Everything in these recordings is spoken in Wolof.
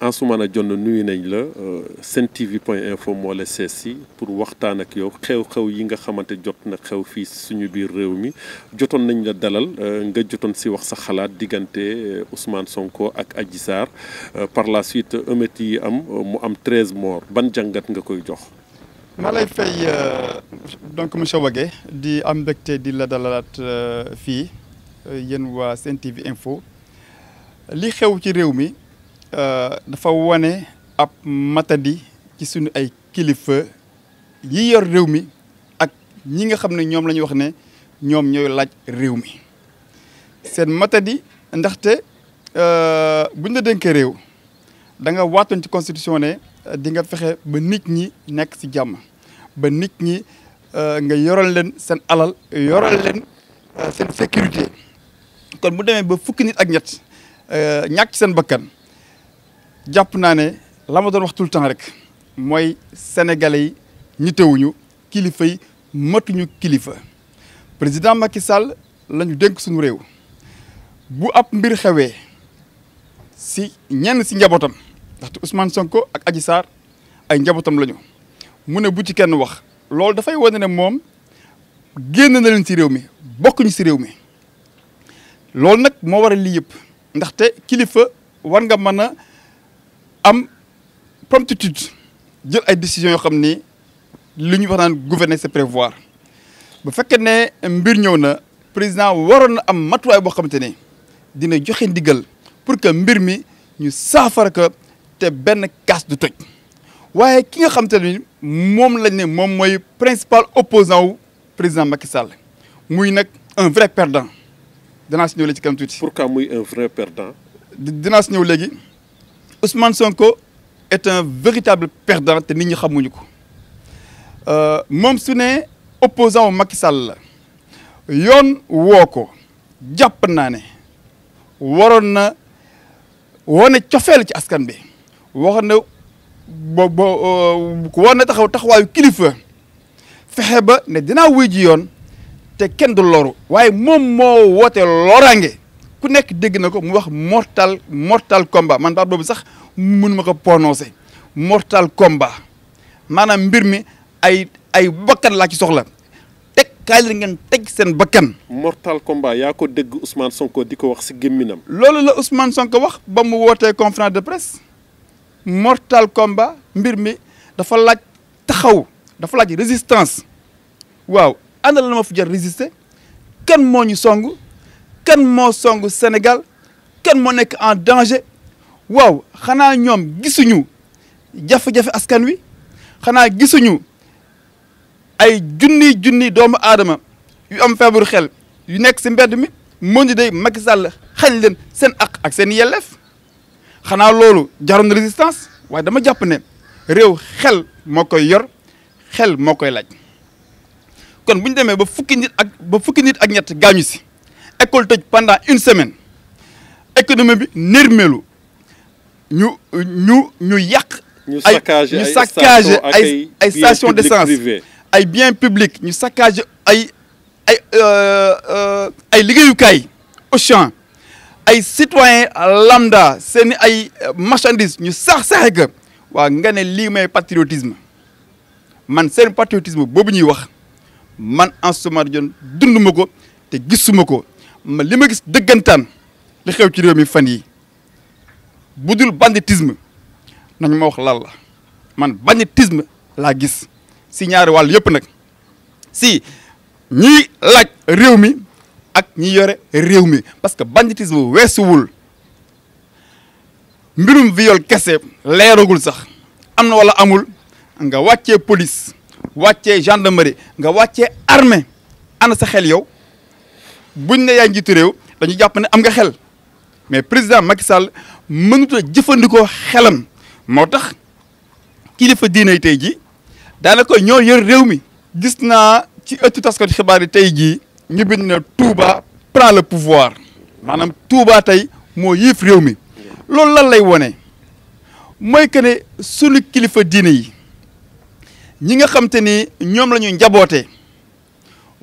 Ansoumana Dione nuy nañ la euh, Sen TV mo le moo pour waxtan ak yow xew-xew yi nga xamanté jot na xew fi suñu biir réew mi jotoon nañ la dalal euh, nga jotoon si wax sa xalaat diganté euh, Ousmane Sonko ak Adji Sarr par la suite ëmët yi am mu am 13 morts ban jangat nga koy jox. ma lay fay donc monsieur Wagé di am mbégte di la dalalat fi yéen wa Sen TV info li xew ci réew mi. Euh, dafa wane ab matadi ci suñu ay kilifa yi yor réew mi ak ñi nga xam ne ñoom la ñu wax ne ñoom ñooy laaj réew mi seen matadi ndaxte euh, buñ la dénkee réew da nga waatoon ci constitution ne euh, di nga fexe ba nit ñi nekk ci jàmm ba nit ñi nga yoral leen seen alal yoral leen seen sécurité kon bu demee ba fukki nit ak ñett ñàkk ci seen bakkan jàpp naa ne la ma doon wax tout le rek mooy sénégalais yi ñitewuñu kilifa yi matuñu kilifa président Macky Sall la ñu dénk suñu réew bu ab mbir xewee si ñenn si njabootam ndaxte Ousmane Sonko ak Adji Sarr ay njabootam lañu mu ne bu ci kenn wax loolu dafay wane ne moom génn na leen si réew mi bokkuñu si réew mi loolu nag moo waral lii yëpp ndaxte kilifa war nga mën a am promptitude jël ay décision yoo xam ni li ñu wax gouverner c'est prévoir bu fekkee ne mbir ñëw na président waroon am matuwaay bo xamante ne dina joxe ndigal pour que mbir mi ñu saafara ko te casse kaas du toj waaye ki nga xamante ne moom lañ né mom moy principal opposant wu président Macky Sall muy nak un vrai perdant dina si ñëw ci kam tuuti. pourquoi muy un vrai perdant. dina si ñëw léegi. Ousmane Sonko est un véritable perdant te nit ñi xamuñu euh, opposant au Macky Sall Woko, yoon Warren, ko jàpp naa ne waroon na wone cofeel ci askan bi waxoon na bo bo euh, taxaw kilifa ne dinaa wuy ji yoon te kenn du loru waaye moom lorangé nek nekk dégg na ko mu wax mortal mortal combat man baat boobu sax mënuma ko prononcer mortal combat manam mbir mi ay ay bakkan la ci soxla tek kaay ngeen tek sen bakkan. mortal combat ya ko dégg Ousmane Sonko diko wax ci gemminam loolu la Ousmane Sonko wax ba mu conférence de presse mortal combat mbir mi dafa laaj taxaw dafa laaj résistance waaw ana la ma fi résister kan moo ñu song. kenn moo song Sénégal kenn moo nekk en danger waaw xanaa ñoom gisuñu jafe-jafe askan wi xanaa gisuñu ay junni junni doomu aadama yu am feebaru xel yu nekk si mbedd mi moo ñu day Macky xañ leen seen aq ak seen yelleef xanaa loolu jaroon na résistance waaye dama jàpp ne réew xel moo koy yor xel moo koy laaj kon bu ñu demee ba fukki nit ak ñett gaañu si école pendant une semaine économie n'est pas nous nous saccagé d'essence les biens publics nous saccagé ay ay euh, euh, ay citoyens lambda les marchandises ñu sax que patriotisme man patriotisme je man en ce moment ma li ma gis dëggantaan li xew ci réew mi fan yi budul banditisme nañu ma wax lan la man banditisme laa gis si ñaari wàll yëpp nag si ñi laaj réew mi ak ñi yore réew mi parce que banditisme weesuwul mbirum viol kese leeragul sax am na wala amul nga wàccee police wàccee gendarmerie nga wàccee armée ana sa xel yow. buñ ne yaay njiitu réew dañu jàpp ne am nga xel mais président Macky Sall mënut a jëfandikoo xelam moo tax kilifa diine tey jii daanaka ñoo yër réew mi. gis naa ci ëttu taskati xibaar yi tey jii ñu bind na Touba prend le pouvoir maanaam Touba tey moo yiif réew mi loolu lan lay wone mooy que ne sunu kilifa diine yi ñi nga xam te ni ñoom la ñu njabootee.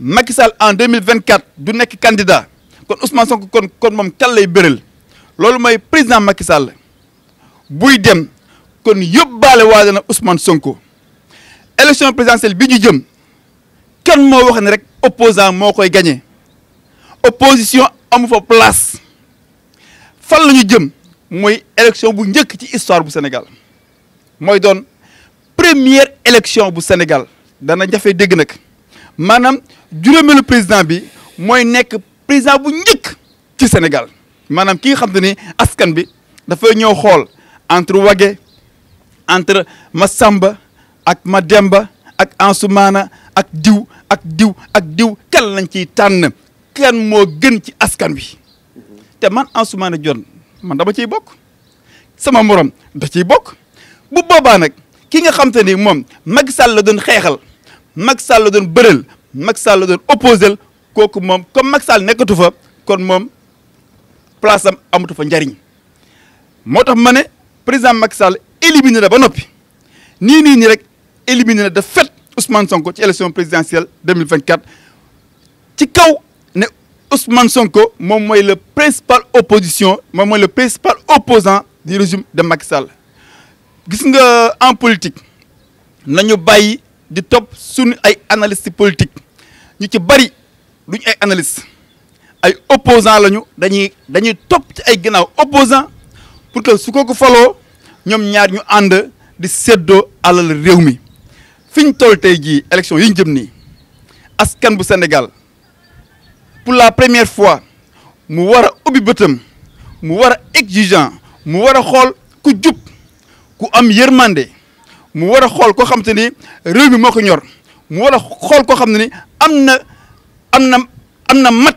Macky Sall en 2024 du nek candidat kon Ousmane Sonko kon kon mom kallay lay lolou loolu président Macky Sall buy dem kon yobale waale na Ousmane Sonko élection présidentielle bi ñu jëm kan mo wax rek opposant mo koy gagné opposition amu fa place fan lañu jëm moy élection bu ñëk ci histoire bu Sénégal moy don première élection bu Sénégal dana jafé dégg nak maanaam juróomeelu président bi mooy nekk président bu njëkk ci Sénégal maanaam ki nga xam ni askan bi dafay ñëw xool entre Wage entre ma samba ak ma Mademba ak Ansoumana ak diw ak diw ak diw kan lañ ciy tànn kan moo gën ci askan wi te man Ansoumana Dione man dama ciy bokk sama morom da ciy bokk bu boobaa nag ki nga xam ni moom Macky Sall la doon xeexal Macky Sall la doon bëreel Macky Sall la doon opposel kooku mom comme Macky Sall nekatu fa kon mom place am amatu fa njariñ motax mané président Macky Sall éliminé ba nopi ni nii rek éliminé de Ousmane Sonko ci élection présidentielle 2024 ci kaw ne Ousmane Sonko mom moy le principal opposition mom moy le principal opposant du régime de Macky Sall gis nga en politique nañu bayyi di topp suñu ay analyste politique ñu ci bari duñ ay analyste ay opposant lañu dañuy dañuy topp ci ay ginnaaw opposant pour que su ko ko faloo ñoom ñaar ñu ànd di séddoo alal réew mi fiñ ñu toll tey jii élection yi ñu jëm nii askan bu Sénégal pour la première fois mu war a ubbi bëtam mu war a exigeant mu war a xool ku jub ku am yërmande mu war a xool koo xam te ni réew mi moo ko ñor mu war a xool koo xam te ni am na am na am na mat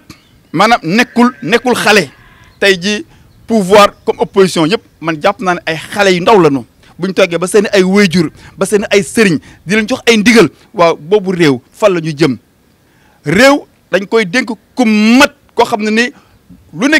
maanaam nekkul nekkul xale tey ji pouvoir comme opposition yëpp man jàpp naa ne ay xale yu ndaw la ñu bu ñu toggee ba seeni ay wéyjur ba seen ay sëriñ di leen jox ay ndigal waaw boobu réew fan la ñu jëm réew dañ koy dénk ku mat koo xam ne ni lu ne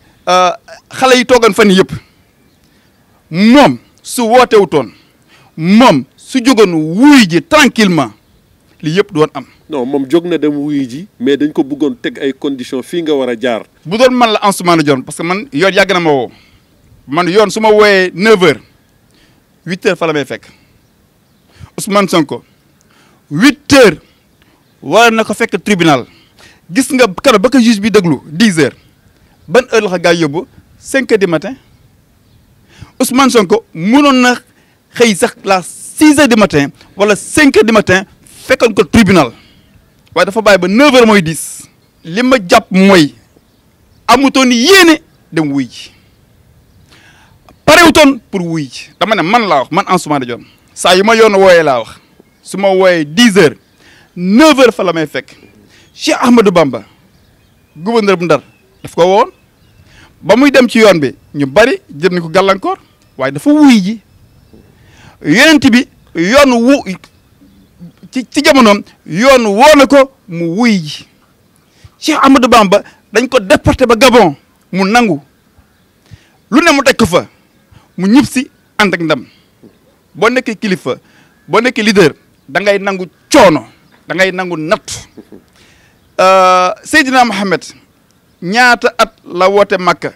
Euh, xale yi toogoon fan yëpp moom su wootewutoon moom su jógoon wuy ji tranquillement lii yëpp doon am. non moom jóg na dem wuy ji mais dañ ko buggoon teg ay conditions fii nga war a jaar. bu doon man la Ansoumana joon parce que man yoon yàgg na ma woo man yoon su ma wooyee 9h 8h fa la may fekk Ousmane Sonko 8h war na ko fekk tribunal gis nga keroog ba ko juge bi déglu 10h. ban heure la ko heures du matin Ousmane Sonko na la 6 heures du matin wala 5 heures du matin fekkon ko tribunal way dafa baye ba neuf heures moy 10 japp moy yene dem wuy pour wuy dama ne man la wax man en Dione wax heures fa la may fekk Cheikh Bamba gouverneur daf ko woon ba muy dem ci yoon bi ñu bari jëm ni ko gàllankoor waaye dafa wuy ji yonent bi yoon wu ci ci jamonoom yoon woo na ko mu wuy ji Cheikh Ahmadou Bamba dañ ko déporté ba Gabon mu nangu lu ne mu teg ko fa mu ñib si ànd ndam boo nekkee kilifa boo nekkee leader da ngay nangu coono da ngay nangu natt euh, Seydina Mohamed ñaata at la woote Makka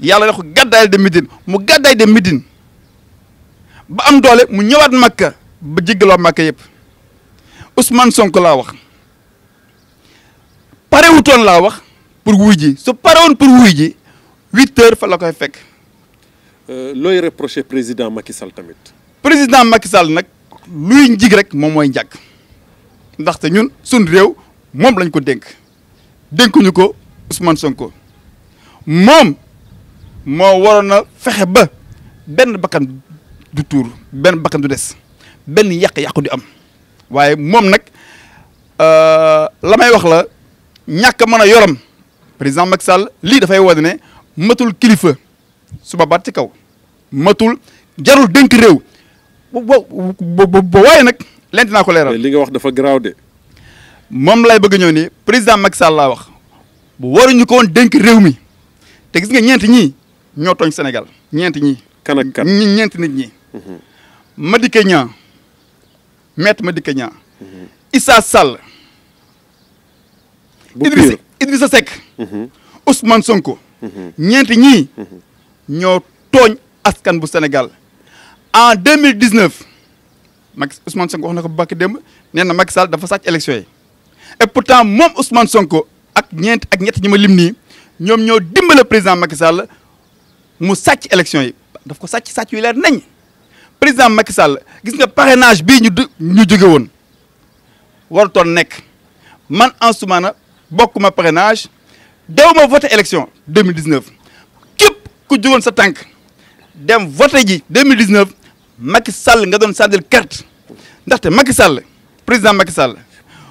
yàlla da ko gàddaay dem Médine mu gàddaay dem Médine ba am doole mu ñëwaat Makka ba jéggaloo Makka yëpp Ousmane Sonko laa wax parewutoon laa wax pour wuy ji su parewoon pour wuy ji huit heures fa la koy fekk. Euh, looy reproché président Macky Sall tamit. président Macky Sall nag luy njig rek moom mooy njàkk ndaxte ñun suñ réew moom lañ ko dénk dénkuñu ko. Ousmane Sonko moom moo waroon a fexe ba benn bakkan du tuur benn bakkan du des benn yàq-yàqu di am waaye moom nag euh, la may wax la ñàkk mën a yoram président Macky Sall lii dafay wane ne matul kilifa suba baat ci kaw matul jarul dénk réew ba waaye nag lent naa ko leeral. li nga wax dafa garaaw de. moom lay bëgg ñëw nii président Macky Sall laa wax. bu waruñu ko woon dénk réew mi te gis nga ñeent ñii ñoo tooñ Sénégal ñeent ñii. kan ak ñi ñeent nit ñi. Mhm. Madické Niang maître Madické Niang. Mhm. Issa Sall. Idrissa Idrissa Seck. Mhm. Sonko. ñeent ñii ñoo tooñ askan bu Sénégal en deux mille dix neuf Macky Ousmane Sonko wax na ko bu bàkk dem neena na Macky dafa sàcc élection yi et pourtant moom Ousmane Sonko. ak ak ñet ñima limni ñom ñoo dimbale président Macky Sall mu sacc élection yi daf ko sacc sacc yu leer nañ président Macky Sall gis nga parrainage bi ñu ñu won war ton nek man Ansoumana de parrainage dew voter élection 2019 kep ku jógoon sa Tank. dem voté ji 2019 Macky Sall nga doon sàndil carte ndaxte Macky Sall président Macky Sall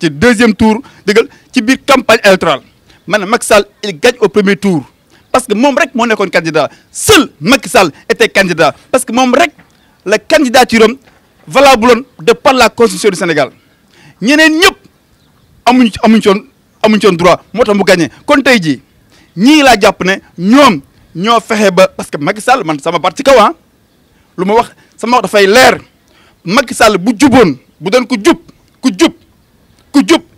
ci deuxième tour dans ci campagne électorale maanaam Macky Sall il gagne au premier tour parce que mon rek moo nekkoon candidat seul Macky Sall était candidat parce que mon rek la candidature valable de par la constitution du Sénégal ñeneen ñëpp amuñ amuñ coon amuñ coon droit moo tax mu gagné kon tey jii ñii la jàpp ne ñoom ñoo fexe ba parce que Macky Sall man sama baat ci kaw que ah. lu ma wax l'air. wax dafay leer Macky Sall bu juboon bu doon ku jub ku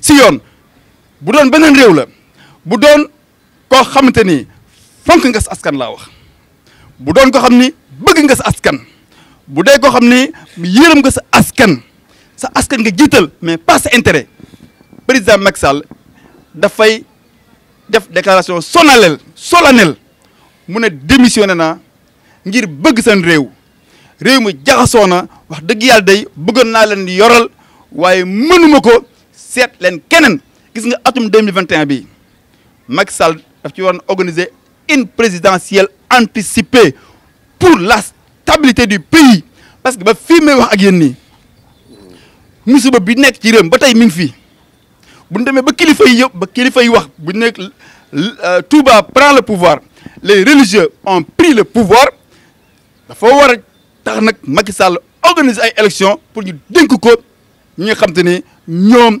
si yoon bu doon beneen réew la bu doon koo xamante ni fonk nga sa askan laa wax bu doon ko xam ni bëgg nga sa askan bu dee koo xam ni yërëm nga sa askan sa askan nga jiital mais pas sa intérêt président Macky Sall dafay def déclaration solennelle solanel mu ne démissionné naa ngir bëgg seen réew réew mi jaxasoo na wax dëgg yàlla day bëggoon naa leen yoral waaye mënuma ko set len kenen gis nga atum 2021 bi Macky Sall daf ci organiser une présidentielle anticipée pour la stabilité du pays parce que ba fi me wax ak yéen nii musiba bi nek ci réew ba tay ming fi buñ ñu ba kilifa yi ba kilifa yi wax buñ nek euh, Touba prend le pouvoir les religieux ont pris le pouvoir Il war voir tax nak Macky Sall organiser ay élections pour ñu dénk ko ñi nga xam tane ñom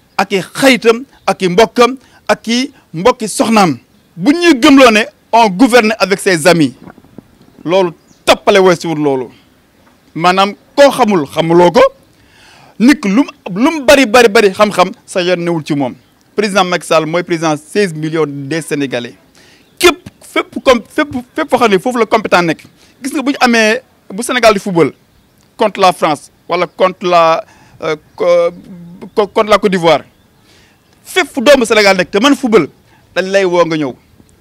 ak i xayitam ak i mbokkam ak i mbokki soxnaam bu ñuy on gouverne avec ses amis lolu topalé weesuwul wul lolu manam ko xamul xamuloko nik lum mu bari bari bari xam-xam sa yoon ci mom président Macky Sall moy président 16 millions des sénégalais kep fépp comme fépp fépp foo xam ne foofu la compétent nekk gis nga bu amé bu Sénégal di football contre la France wala contre la euh, contre la Côte d'Ivoire fépp Sénégal te football dañ lay nga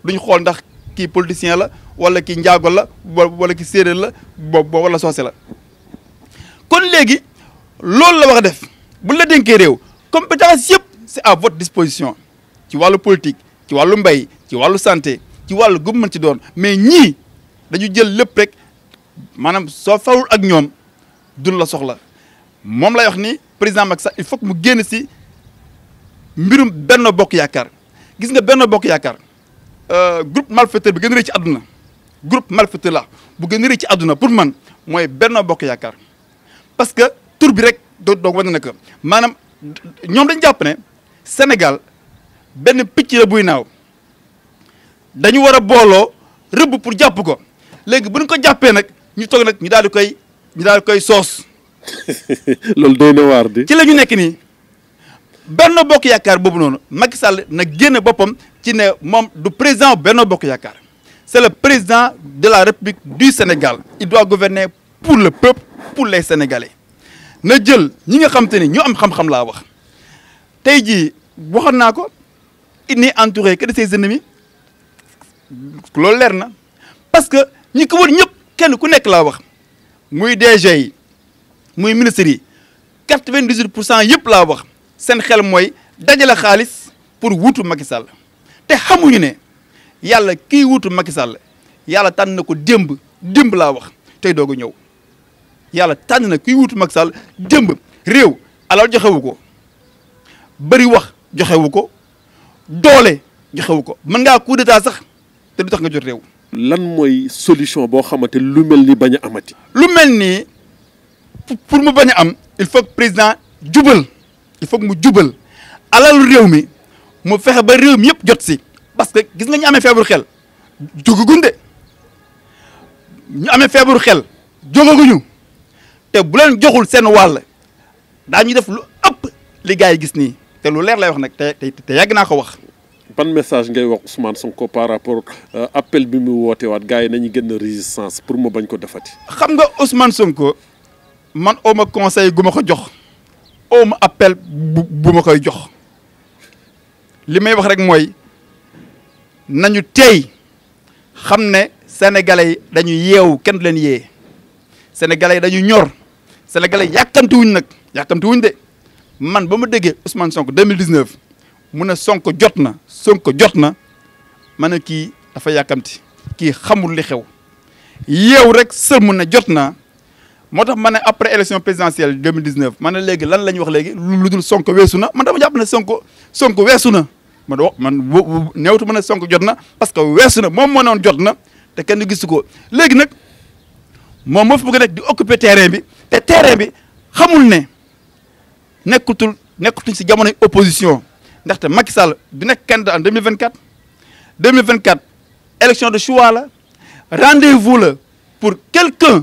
duñ ndax politicien la wala kii njaago la wala kii séeréer la bo wala soose la kon vous loolu la la compétence c'est à votre disposition vois le politique ci wàllu mbay ci la santé ci vois le gouvernement, ci doon mais ñii dañu jël rek vous ak vous la soxla mom lay président il faut que mu guen si mbirum Benno Bokk yakar gis nga Benno Bokk euh, groupe malfaiteur bi gën a ci groupe malfaiteur la bu a ci aduna pour man Bokk parce que tout bi rek do do wone na ko maanaam Sénégal ben picc la buy a pour ko ko ñu ñu koy lol doy na di. ci lañu nek ni Benno Bokk yakar bobu non Macky Sall na genn bopam ci ne mom du président Benno Bokk yakar c'est le président de la République du Sénégal il doit gouverner pour le peuple pour les Sénégalais na jël ñi nga xam ni ñu am xam-xam la wax tay ji waxoon nako il n'est entouré que de ses ennemis lol leer na parce que ñi ko wër ñep kenn ku nek la wax muy DG muy ministres yi quatre vingt dix pour cent yëpp laa wax seen xel mooy dajale xaalis pour wutu Macky Sall te xamuñu ne yàlla kii wutu Macky Sall yàlla tànn na ko démb démb laa wax tey doogu ñëw yàlla tànn na kii wutu Macky Sall démb réew alal joxewu ko bëri wax joxewu ko doole joxewu ko mën ngaa coup taa sax te du tax nga jot réew. lan mooy solution boo xamante lu mel ni bañ a amati. lu mel ni pour mu bañ am il faut que président djubal il faut que mu djubal alalu je mi mu un ba réew mi jot parce que gis nga ñu amé fièvre xel de ñu amé fièvre xel je té bu leen joxul Je def lu ëpp li gars gis ni té lu leer lay wax nak té té ko wax. ban message ngay wax Ousmane Sonko par rapport euh, appel bi mu woté wat gars nañu gën résistance pour mu bañ ko defati. xam nga Ousmane Sonko man homme ma conseil guma ko jox oo ma appel buma bu koy jox limay wax rek moy nañu tey xam sénégalais dañu yew kenn leen sénégalais dañu ñor sénégalais wuñ man bama ma Ousmane Sonko 2019 muna Sonko jotna Sonko jotna mané ki dafa yakamti ki xamul li xew yew rek seul mu motax mané après élection présidentielle 2019 mané légui lan lañ wax légui luddul Sonko wessuna man dama japp ne Sonko Sonko wessuna man ma wax man néewtu ma Sonko jotna parce que wessuna mom moom moo noon jot te kenn gisu ko léegi nag moom moo fi bëgg di occuper terrain bi te terrain bi xamul né nekkutul nekkutuñ ci jamonoy opposition ndax ndaxte Macky Sall du nek candidat en 2024 2024 élection de choix la rendez-vous la pour quelqu'un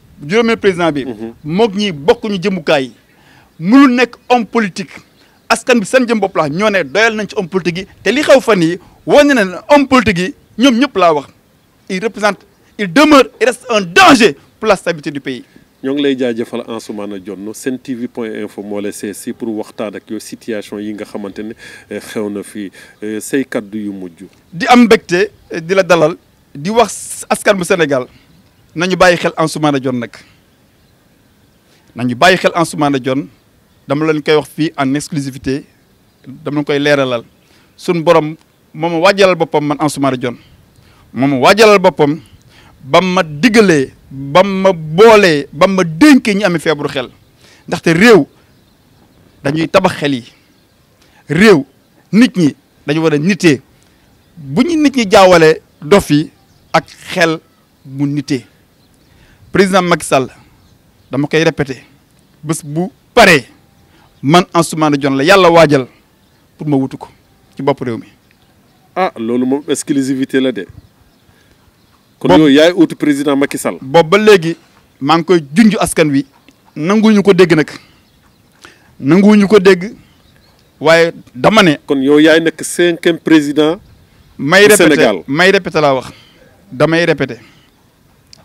Je président bi. Mhm. mokni ñi ñu jëmukaay homme politique askan bi sen jëm bop la ñone doyal homme politique gi té li xew homme politique il représente il demeure il reste un danger pour la stabilité du pays. ñong lay jaajëfal Ansoumana un homme TV point info la pour waxtaan ak situation yi nga di la dalal di wax askan Sénégal. nañu bàyyi xel Ansoumana Dione nag nañu bàyyi xel Ansoumana Dione dama leen koy wax fii en exclusivité dama leen koy leeralal suñ borom mooma waajalal boppam man Ansoumana Dione mooma waajalal boppam bam ma diggalee bam ma boolee bam ma dénkee ñi amee feebaru xel ndaxte réew dañuy tabax xel yi réew nit ñi dañu war a nitee bu ñu nit ñi jaawale dof yi ak xel mu nitee président Macky Sall dama koy répété bés bu paree man Ansoumana Dione la yàlla waajal pour ma wutu ko ci bopp réew mi. ah loolu moom exclusivité la de. kon yow yaay uutu président Macky Sall. boobu ba léegi maa ngi koy junj askan wi nanguwuñu ko dégg nag nanguwuñu ko dégg waaye dama ne. kon yow yaay nekk cinquième président. may répété Sénégal may répété laa wax damay répété.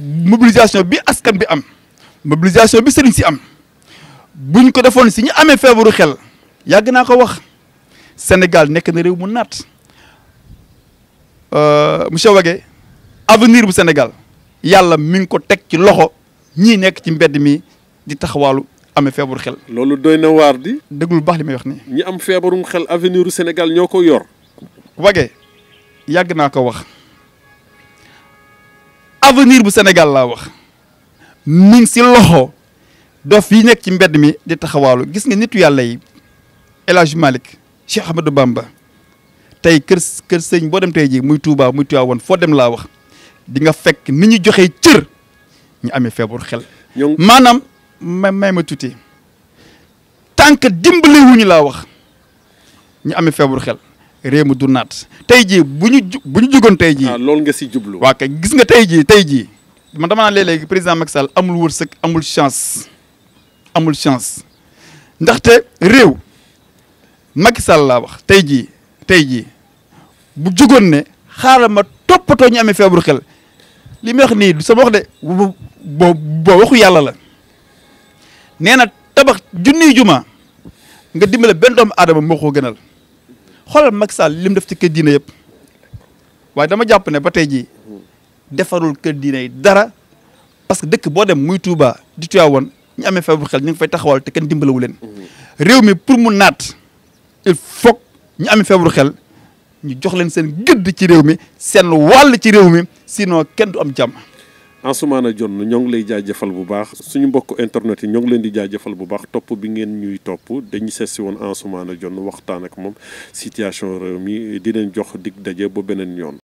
mobilisation bi askan bi am mobilisation bi sëriñ si am buñ ko defoon si ñu amee feebaru xel yàgg naa ko wax Sénégal nekk na réew mu naat euh, monsieur Wagué avenir bu Sénégal yàlla mi ngi ko teg ci loxo ñii nekk ci mbedd mi di taxawaalu amee feebaru xel. loolu doy na waar di. déglul baax li may wax nii. ñi am feebarum xel avenir u Sénégal ñoo ko yor. Wagué yàgg naa ko wax. avenir bu Sénégal laa wax mi si loxo dof yi nekk ci mbedd mi di taxawaalu gis nga nitu yàlla yi El Hadj Malick Cheikh Bamba tey kër kër sëñ boo dem tey ji muy Touba muy Tivaouane foo dem laa wax di nga fekk ni ñu joxee cër ñu amee feebar xel. maanaam may may ma tuuti tant que dimbali wuñu laa wax ñu amee feebar xel. réew mi du nat tey jii buñu ah, nga si djublu wa kay gis nga man dama na président Macky Sall amul wërsëg amul chance amul chance ndaxte réew Macky Sall laa wax tey jii tey jii bu jugoon ne ma ñu amé xel li wax ni du sama wax de bo waxu yalla la néna tabax juma nga gënal. xoolal Macky Sall li mu def ci kër diine yëpp waaye dama jàpp ne ba tey jii defarul kër diine yi dara parce que dëkk boo dem muy Touba di Tivaouane ñu amee feebar xel ñu ngi fay taxawal te kenn dimbalawu leen. réew mi pour mu naat il ñu amee feebar xel ñu jox leen seen gëdd ci réew mi seen wàll ci réew mi sinon kenn du am jàmm. Ansoumana Dione ñoo ngi lay jaajëfal bu baax suñu mbokk internet yi ñoo ngi leen di jaajëfal bu baax topp bi ngeen ñuy topp dañu sees si woon Ansoumana Dione waxtaan ak moom situation réew mi di leen jox dig daje ba beneen yoon.